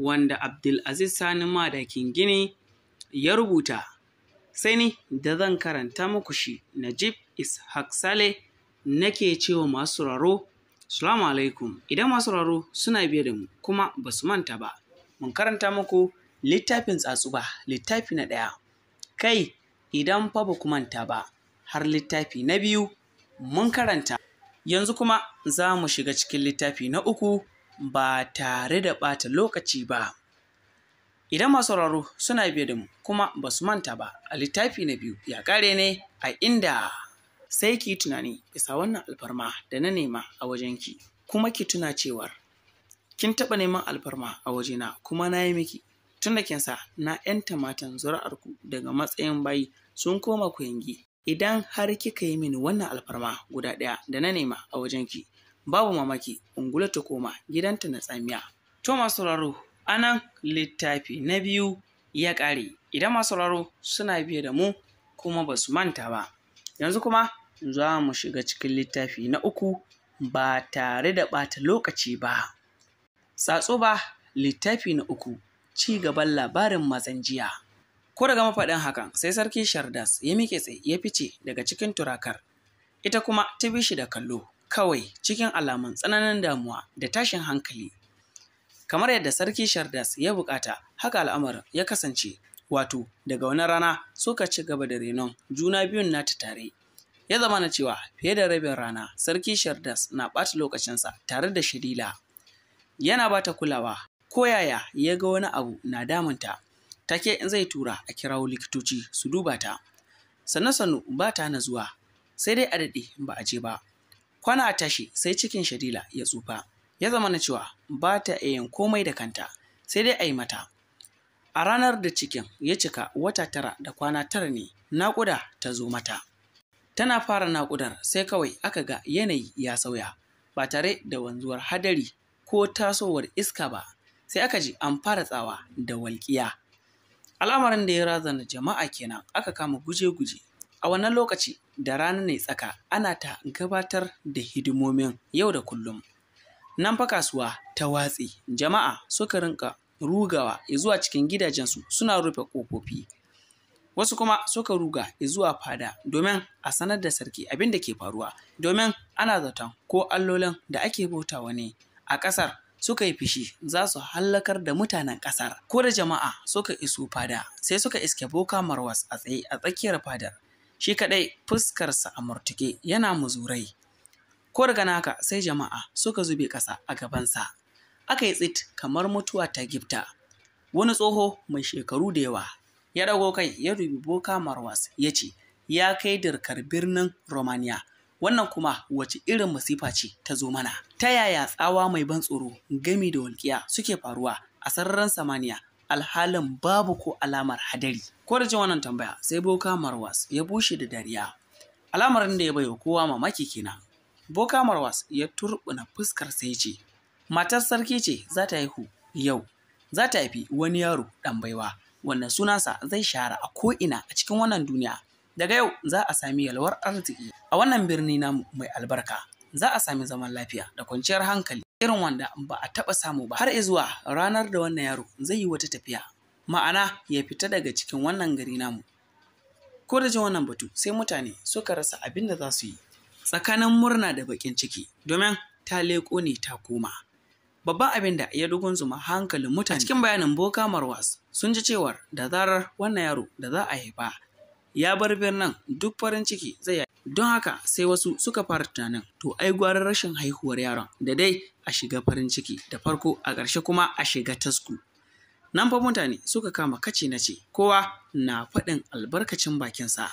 wanda Abdulaziz Sani Madakin Gini ya rubuta, sai ni da zan karanta muku shi Najib Ishaq Sale nake cewa masu raro, Salamu alaikum, idan masu raro suna biye da mu kuma ba su manta ba, mun karanta muku littafin ba, littafi na ɗaya, kai idan fa ba ku manta ba, har littafi na biyu mun karanta. Yanzu kuma za mu shiga cikin littafi na uku ba tare da ɓata lokaci ba. Idan masu sauraro suna biye da mu kuma ba su manta ba a littafi na biyu ya ƙare ne a inda sai ki tunani bisa wannan alfarma da na nema a wajen ki, kuma ki tuna cewar kin taɓa neman alfarma a wajena kuma na yi miki tun da kinsa na 'yanta matan zuri'arku daga matsayin bayi sun koma ku yangi idan har kika yi mini wannan alfarma guda ɗaya da na nema a wajen ki. babu mamaki ungula ta koma gidanta na tsamiya to masu sauraro anan littafi na biyu ya ƙare idan masu sauraro suna biye da mu kuma ba su manta ba yanzu kuma za mu shiga cikin littafi na uku ba tare da ɓata lokaci ba tsatso ba littafi na uku ci gaban labarin mazan jiya ko daga mafaɗin hakan sai sarki shardas ya miƙe tsaye ya fice daga cikin turakar ita kuma ta bi shi da kallo kawai cikin alamun tsananin damuwa da tashin hankali. Kamar yadda Sarki Shardas ya bukata, haka al'amarin ya kasance, wato daga wani rana suka ci gaba da renon juna biyun nata tare. Ya zama na cewa fiye da rabin rana, Sarki Shardas na ɓata lokacinsa tare da Shadila. Yana ba ta kulawa, ko yaya ya ga wani abu na damunta, take in zai tura a kirawo likitoci su duba ta. Sannu-sannu ba ta na zuwa, sai dai a daɗe ba a je ba. Kwana tashi sai cikin Shadila ya tsufa, ya zama na cewa ba ta yin komai da kanta, sai dai a yi mata. A ranar da cikin ya cika wata tara da kwana tara ne naƙuda ta zo mata. Tana fara naƙudar sai kawai aka ga yanayi ya sauya, ba tare da wanzuwar hadari ko tasowar iska ba, sai aka ji an fara tsawa da walƙiya. Al'amarin da ya razana jama'a kenan aka kama guje-guje A wannan lokaci da rana ne tsaka ana ta gabatar da hidimomin yau da kullum. Nan fa kasuwa ta watsi, jama'a suka rinka rugawa zuwa cikin gidajensu suna rufe ƙofofi. Wasu kuma suka ruga zuwa fada domin a sanar da sarki abin da ke faruwa, domin ana zaton ko allolin da ake bautawa ne a ƙasar suka yi fishi za su hallakar da mutanen ƙasar. Ko da jama'a suka iso fada sai suka iske boka marwas a tsaye a tsakiyar fadar. shi kaɗai fuskarsa a murtuke yana muzurai ko daga naka sai jama'a suka zube ƙasa a gabansa aka yi tsit kamar mutuwa ta gifta wani tsoho mai shekaru da yawa ya dago kai ya dubi boka marwas ya ce ya kai dirkar birnin romania wannan kuma wace irin masifa ce ta zo mana ta yaya tsawa mai ban tsoro gami da walƙiya suke faruwa a sararin samaniya alhalin babu ko alamar hadari ko da jin wannan tambaya sai boka marwas ya bushe da dariya alamarin da ya baiwa kowa mamaki kenan boka marwas ya turbuna fuskar sai ce matar sarki ce za ta haihu yau za ta haifi wani yaro ɗan baiwa wanda sunansa zai shahara a ko'ina a cikin wannan duniya daga yau za a sami yalwar arziki a wannan birni namu mai albarka za a sami zaman lafiya da kwanciyar hankali irin wanda ba a taɓa samu ba har zuwa ranar da wannan yaro zai yi wata tafiya ma'ana ya fita daga cikin wannan gari namu ko da jin wannan batu sai mutane suka rasa abin da za su yi tsakanin murna da bakin ciki domin ta leƙo ne ta koma babban abin da ya dogon zuma hankalin mutane a cikin bayanin boka marwas sun ji cewar da zarar wannan yaro da za a haifa ya bar birnin duk farin ciki zai Don haka sai wasu suka fara tunanin to ai gwarar rashin haihuwar yaron da dai a shiga farin ciki da farko a ƙarshe kuma a shiga tasku. Nan fa mutane suka kama kace na ce kowa na faɗin albarkacin bakinsa.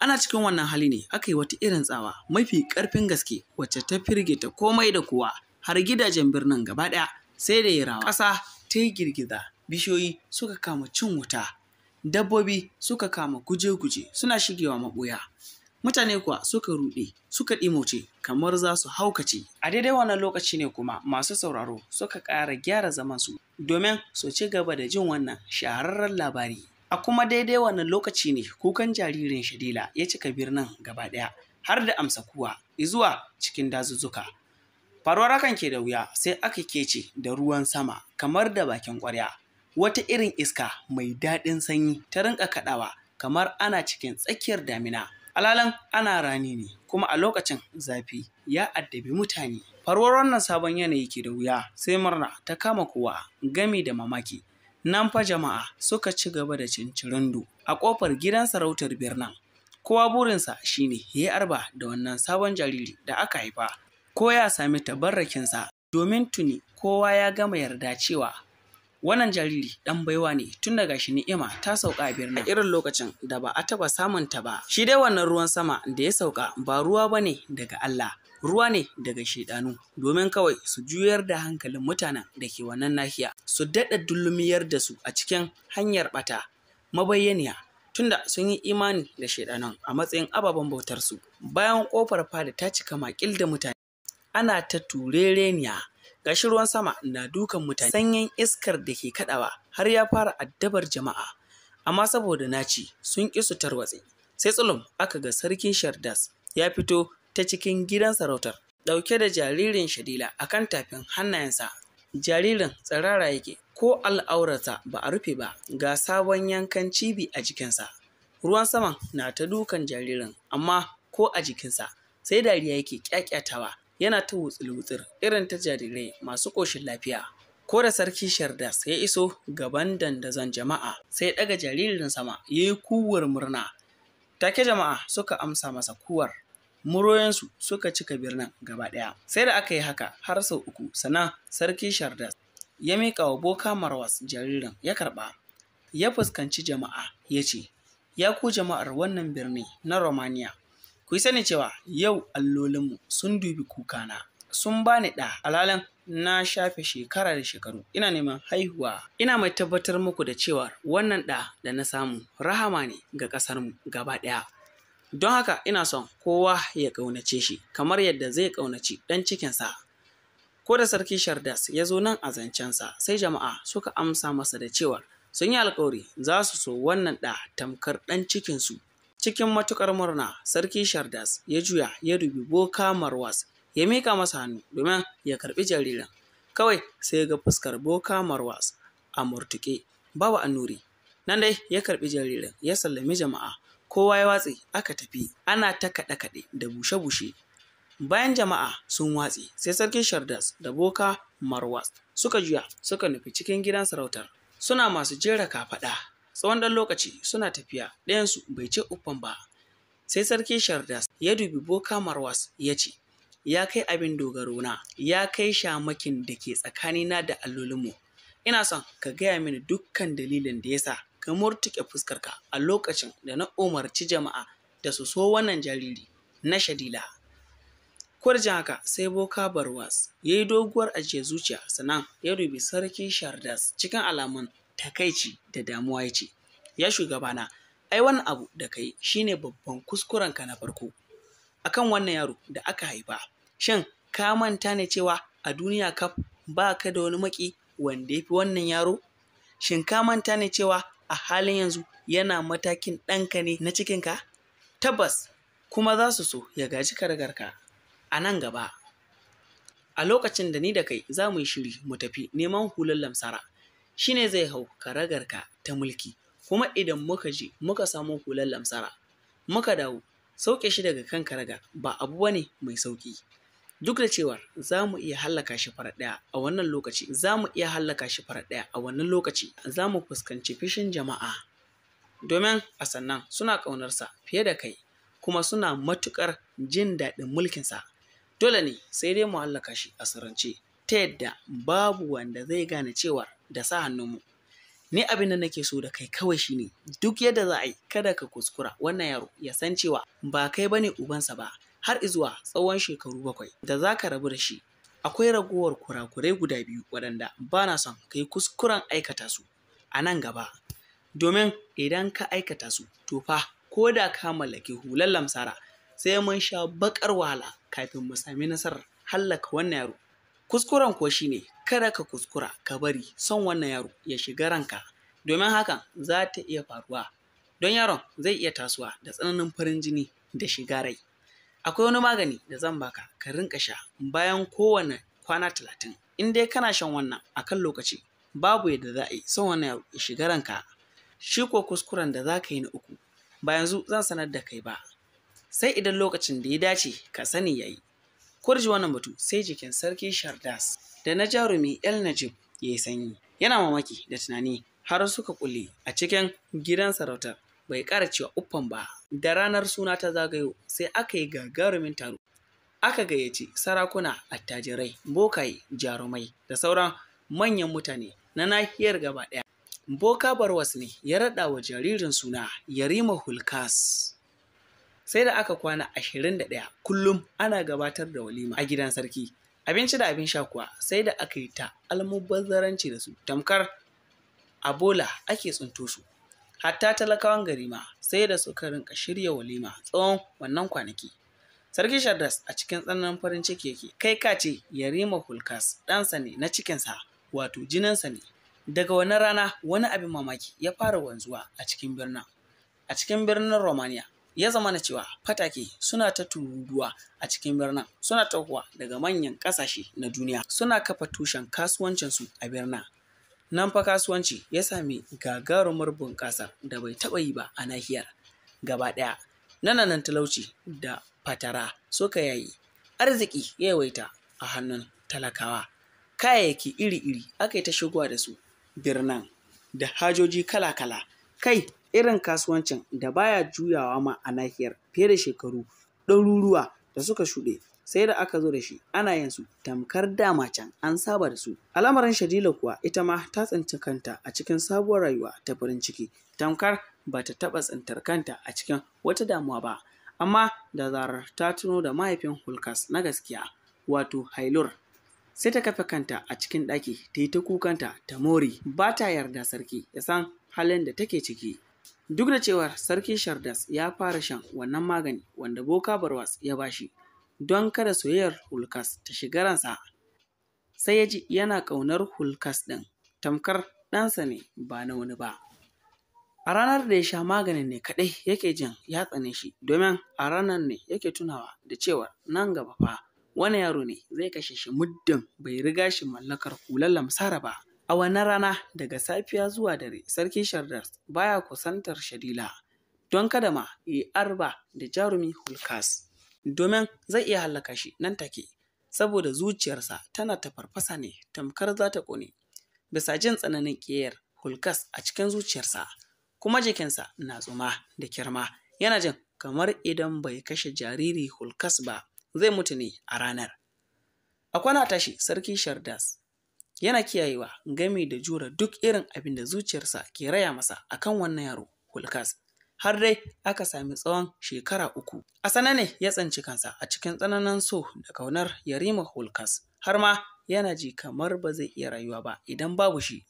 Ana cikin wannan hali ne aka yi wata irin tsawa mafi ƙarfin gaske wacce ta firgita komai da kowa har gidajen birnin gaba ɗaya sai da rawa. ƙasa ta yi girgiza bishiyoyi suka kama cin wuta dabbobi suka kama guje-guje suna shigewa maɓoya. Mutane kuwa suka ruɗe, suka ɗimoce, kamar za su haukace. A daidai wannan lokaci ne kuma masu sauraro suka ƙara gyara zaman su domin su ci gaba da jin wannan shahararren labari. A kuma daidai wannan lokaci ne kukan jaririn Shadila ya cika birnin gaba ɗaya har da amsa kuwa izuwa cikin dazuzzuka. Faruwar hakan ke da wuya sai aka kece da ruwan sama kamar da bakin ƙwarya. Wata irin iska mai daɗin sanyi ta rinƙa kaɗawa kamar ana cikin tsakiyar damina. alalan ana rani ne kuma a lokacin zafi ya addabi mutane farwar wannan sabon yanayi ke da wuya sai murna ta kama kowa gami da mamaki nan fa jama'a suka ci gaba da cincirindo a kofar gidan sarautar birnin kowa burinsa shine ya arba da wannan sabon jariri da aka haifa ko ya sami tabarrakinsa domin tuni kowa ya gama yarda cewa Wannan jariri dan baiwa ne tun daga shi ni'ima ta sauka a birnin a irin lokacin da ba a taba samun ta ba. Shi dai wannan ruwan sama da ya sauka ba ruwa bane daga Allah. Ruwa ne daga shaidanu domin kawai su juyar da hankalin mutanen da ke wannan nahiya su daɗa dullumiyar da su a cikin hanyar ɓata mabayyaniya tunda sun yi imani da shaidanan a matsayin ababen bautarsu bayan kofar fada ta cika makil da mutane ana ta turereniya gashi ruwan sama na dukan mutane sanyin iskar da ke kadawa har ya fara addabar jama'a amma saboda naci sun ƙi su tarwatse sai tsulum aka ga sarkin shardas ya fito ta cikin gidan sarautar ɗauke da jaririn shadila akan tafin hannayensa jaririn tsirara yake ko al'aurata ba a rufe ba ga sabon yankan cibi a jikinsa ruwan saman na ta dukan jaririn amma ko a jikinsa sai dariya yake kyakyatawa yana ta wutsul-wutsul irin ta jarirai masu ƙoshin lafiya. Ko da sarki Shardas ya iso gaban dandazon jama'a sai ɗaga jaririn sama ya yi kuwar murna. Take jama'a suka amsa masa kuwar. muroyansu suka cika birnin gaba ɗaya. Sai da aka yi haka har sau uku sannan sarki Shardas ya miƙa wa boka marwas jaririn ya karɓa. Ya fuskanci jama'a ya ce, Ya ku jama'ar wannan birni na Romania, Ku yi sani cewa yau allolinmu sun dubi kukana, sun bani ɗa alalan na shafe shekara da shekaru ina neman haihuwa ina mai tabbatar muku da cewa wannan ɗa da na samu rahama ne ga ƙasarmu gaba ɗaya don haka ina son kowa ya ƙaunace shi kamar yadda zai ƙaunaci ɗan cikinsa ko da sarki shardas ya zo nan a zancensa sai jama'a suka amsa masa da cewar sun yi alkawari za su so wannan ɗa tamkar ɗan cikinsu Cikin matukar murna, Sarki Shardas ya juya ya dubi Boka Marwas ya mika masa hannu domin ya karɓi jaririn. Kawai sai ga fuskar Boka Marwas a murtuƙe, babu annuri. Nan dai ya karɓi jaririn ya sallami jama'a, kowa ya watse aka tafi, ana ta kaɗe-kaɗe da bushe-bushe. Bayan jama'a sun watse, sai Sarki Shardas da Boka Marwas suka juya suka nufi cikin gidan sarautar. Suna masu jera kafaɗa tsawon ɗan lokaci suna tafiya ɗayansu bai ce uffan ba sai sarki shardas ya dubi boka marwas ya ce ya kai abin dogaro na ya kai shamakin da ke tsakanina da allolinmu ina son ka gaya mini dukkan dalilin da ya sa ka murtuke fuskarka a lokacin da na umarci jama'a da su so wannan jariri na shadila kwarjin haka sai boka barwas ya yi doguwar ajiye zuciya sannan ya dubi sarki shardas cikin alamun takaici da damuwa ya ce ya shugabana ai wani abu da kai shine babban kuskuren ka na farko akan wannan yaro da aka haifa shin ka manta ne cewa a duniya kaf ba ka da wani maki wanda ya fi wannan yaro shin ka manta ne cewa a halin yanzu yana matakin ɗanka ne na cikinka tabbas kuma za su so ya gaji ka, a nan gaba a lokacin da ni da kai za mu yi shiri mu tafi neman hular lamsara shine zai hau ka ta mulki kuma idan muka je muka samo hular lamsara muka dawo sauke shi daga kan karaga ba abu bane mai sauki duk da cewar za mu iya hallaka shi fara ɗaya a wannan lokaci za mu iya hallaka shi farat ɗaya a wannan lokaci za mu fuskanci fishin jama'a domin a sannan suna ƙaunarsa fiye da kai kuma suna matukar jin daɗin mulkinsa dole ne sai dai mu hallaka shi a sirrance ta yadda babu wanda zai gane cewar da sa hannunmu ni abin da nake so da kai kawai shine duk yadda za a yi kada ka kuskura wannan yaro ya san cewa ba kai bane ubansa ba har izuwa tsawon shekaru bakwai da za ka rabu da shi akwai ragowar kurakurai guda biyu waɗanda ba na son kai kuskuren aikata su a nan gaba domin idan ka aikata su to fa ko da ka mallaki hular lamsara sai mun sha bakar wahala kafin mu sami nasarar hallaka wannan yaro kuskuren ko shine kada ka kuskura ka bari son wannan yaro ya shiga ranka domin haka za ta iya faruwa don yaron zai iya tasowa da tsananin farin jini da shiga rai akwai wani magani da zan baka ka rinka sha bayan kowane kwana talatin in dai kana shan wannan a kan lokaci babu yadda za a yi son wannan yaro ya shiga ranka shi ko kuskuren da za ka yi na uku ba yanzu zan sanar da kai ba sai idan lokacin da ya dace ka sani ya yi kurji wannan batu sai jikin sarki Shardas da na jarumi El Najib ya yi sanyi. Yana mamaki da tunani har suka kulle a cikin gidan sarautar bai kara cewa uffan ba. Da ranar suna ta zagayo sai aka yi gagarumin taro. Aka gayyaci sarakuna, attajirai, bokaye, jarumai da sauran manyan mutane na nahiyar gaba ɗaya. Boka Barwas ne ya raɗa wa jaririn suna Yarima Hulkas. sai da aka kwana ashirin da ɗaya kullum ana gabatar da walima a gidan sarki abinci da abin sha kuwa sai da aka yi ta almubazzaranci da su tamkar a bola ake tsunto su hatta talakawan gari ma sai da suka rinka shirya walima tsawon wannan kwanaki sarki shardas a cikin tsananin farin ciki yake kai ka ce yarima hulkas ɗansa ne na cikinsa wato jininsa ne daga wani rana wani abin mamaki ya fara wanzuwa a cikin birnin a cikin birnin romania ya zama na cewa fatake suna ta tururuwa a cikin birnin suna tahowa daga manyan kasashe na duniya suna kafa tushen kasuwancinsu a birnin nan fa kasuwanci ya sami gagarumar bunƙasa da bai taɓa yi ba a nahiyar gaba ɗaya nananan talauci da fatara suka yayi arziki ya yawaita a hannun talakawa kayayyaki iri-iri aka yi ta shigowa da su birnin da hajoji kala-kala kai irin kasuwancin da baya juyawa ma a nahiyar fiye da shekaru ɗaruruwa da suka shuɗe sai da aka zo da shi ana yin su tamkar dama can an saba da su al'amarin shadila kuwa ita ma ta tsinci kanta a cikin sabuwar rayuwa ta farin ciki tamkar ba ta taɓa tsintar kanta a cikin wata damuwa ba amma da zarar ta tuno da mahaifin hulkas na gaskiya wato hailur sai ta kafe kanta a cikin ɗaki ta yi ta kukanta ta mori ba ta yarda sarki ya san halin da take ciki. Duk da cewar Sarki Shardas ya fara shan wannan magani wanda Boka Barwas ya bashi don kada soyayyar Hulkas ta shiga ransa. Sai ya ji yana ƙaunar Hulkas ɗin, tamkar ɗansa ne ba na wani ba. A ranar da ya sha maganin ne kaɗai yake jin ya tsane shi domin a ranar ne yake tunawa da cewa nan gaba fa wani yaro ne zai kashe shi muddin bai riga shi mallakar hular lamsara ba. A wani rana daga safiya zuwa dare, Sarki Shardas baya kusantar Shadila don kada ma yi arba da jarumi Hulkas, domin zai iya hallaka shi nan take, saboda zuciyarsa tana ta farfasa ne tamkar za ta ƙone, bisa jin tsananin ƙiyar Hulkas a cikin zuciyarsa, kuma jikinsa na tsuma da kirma, yana jin kamar idan bai kashe jariri Hulkas ba zai mutu ne a ranar. A kwana tashi Sarki Shardas Yana kiyayewa gami da jura duk irin abin da zuciyarsa ke raya masa akan wannan yaro Hulkas. Har dai aka sami tsawon shekara uku. A sana ne ya tsanci kansa a cikin tsananin so da kaunar Yarima Hulkas. Har ma yana ji kamar ba zai iya rayuwa ba idan babu shi.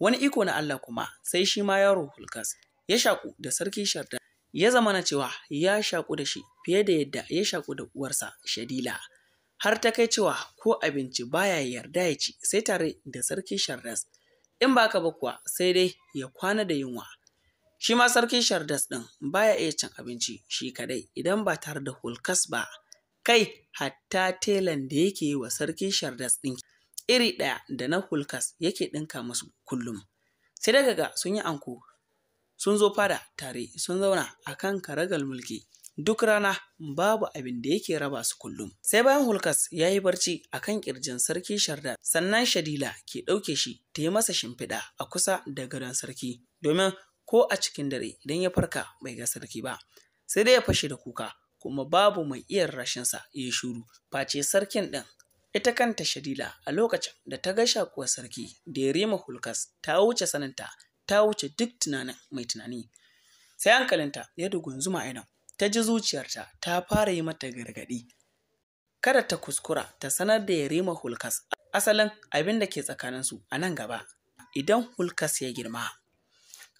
Wani iko na Allah kuma sai shi ma yaro Hulkas ya shaku da sarki Sharda. Ya zamana cewa ya shaku da shi fiye da yadda ya shaku da uwarsa Shadila. har ta kai cewa ko abinci baya yarda ya ci sai tare da sarki Shardas. In ba ka ba kuwa sai dai ya kwana da yunwa. Shi ma sarki Shardas ɗin baya iya cin abinci shi kadai idan ba tare da hulkas ba. Kai hatta telan da yake yi wa sarki Shardas ɗin iri ɗaya da na hulkas yake ɗinka musu kullum. Sai daga ga sun yi anko sun zo fada tare sun zauna a kan karagal mulki duk rana babu abin da yake raba su kullum. Sai bayan Hulkas ya yi barci a kan ƙirjin sarki Shardar, sannan Shadila ke ɗauke shi ta yi masa shimfiɗa a kusa da gadon sarki, domin ko a cikin dare idan ya farka bai ga sarki ba. Sai dai ya fashe da kuka, kuma babu mai iya rashinsa ya yi shuru, face sarkin ɗin. Ita kanta Shadila a lokacin da ta ga shakuwar sarki da ya rima Hulkas ta wuce saninta, ta wuce duk tunanin mai tunani. Sai hankalinta ya dugun zuma idan. ta ji zuciyarta ta fara yi mata gargaɗi. Kada ta kuskura ta sanar da Yarima Hulkas asalin abin da ke tsakaninsu a nan gaba idan Hulkas ya girma.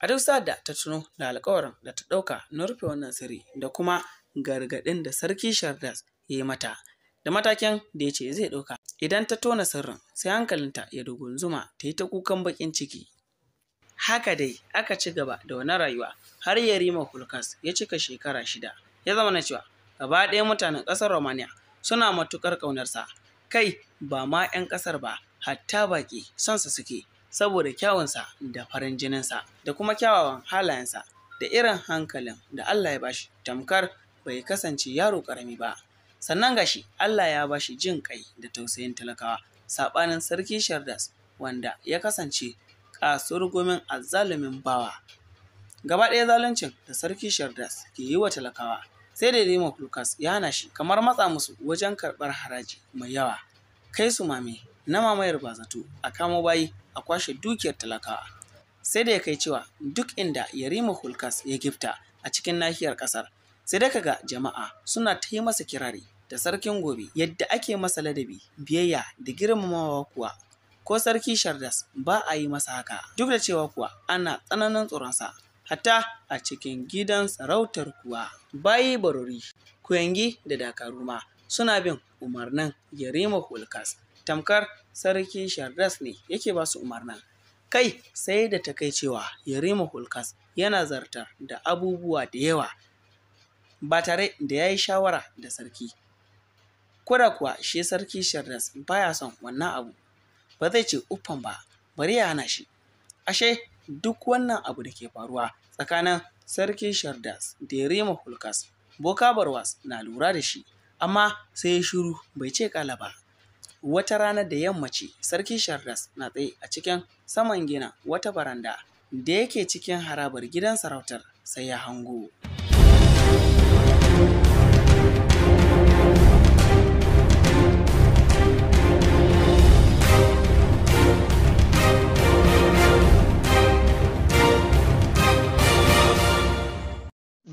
A duk da ta tuno da alkawarin da ta ɗauka na rufe wannan sirri da kuma gargaɗin da Sarki Shardas ya yi mata da matakin da ya ce zai ɗauka. Idan ta tona sirrin sai hankalinta ya zuma ta yi ta kukan baƙin ciki haka dai aka ci gaba da wani rayuwa har yarima hulkas ya cika shekara shida ya zama na cewa gaba ɗaya mutanen ƙasar romania suna matuƙar ƙaunarsa kai ba ma 'yan ƙasar ba hatta baƙi sonsa suke saboda kyawunsa da farin jininsa da kuma kyawawan halayensa da irin hankalin da Allah ya bashi tamkar bai kasance yaro ƙarami ba sannan gashi Allah ya bashi jin kai da tausayin talakawa saɓanin sarki Shardas wanda ya kasance A kasurgumin azzalumin bawa gaba ɗaya zaluncin da sarki shardas ke yi wa talakawa sai da Yarima lucas ya hana shi kamar matsa musu wajen karɓar haraji mai yawa kai su mame na mamayar bazatu a kamo bayi a kwashe dukiyar talakawa sai da ya kai cewa duk inda yarima hulkas ya gifta a cikin nahiyar ƙasar, sai da kaga jama'a suna ta yi masa kirari da sarkin gobe yadda ake masa ladabi biyayya da girmamawa kuwa ko sarki Shardas ba a yi masa haka duk da cewa kuwa ana tsananin tsoronsa hatta a cikin gidan sarautar kuwa bayi barori kuyangi da dakaru ma suna bin umarnin Yarima Hulkas tamkar sarki Shardas ne yake ba su umarnin kai sai da ta kai cewa Yarima Hulkas yana zartar da abubuwa da yawa ba tare da ya yi shawara da sarki. kuwa shi sarki Shardas baya son wannan abu ba zai ce uffan ba bari ya hana shi ashe duk wannan abu da ke faruwa tsakanin sarki shardas da yarima hulkas boka barwas na lura da shi amma sai ya shiru bai ce kala ba wata rana da yammaci sarki shardas na tsaye a cikin saman gina wata baranda da yake cikin harabar gidan sarautar sai ya hango.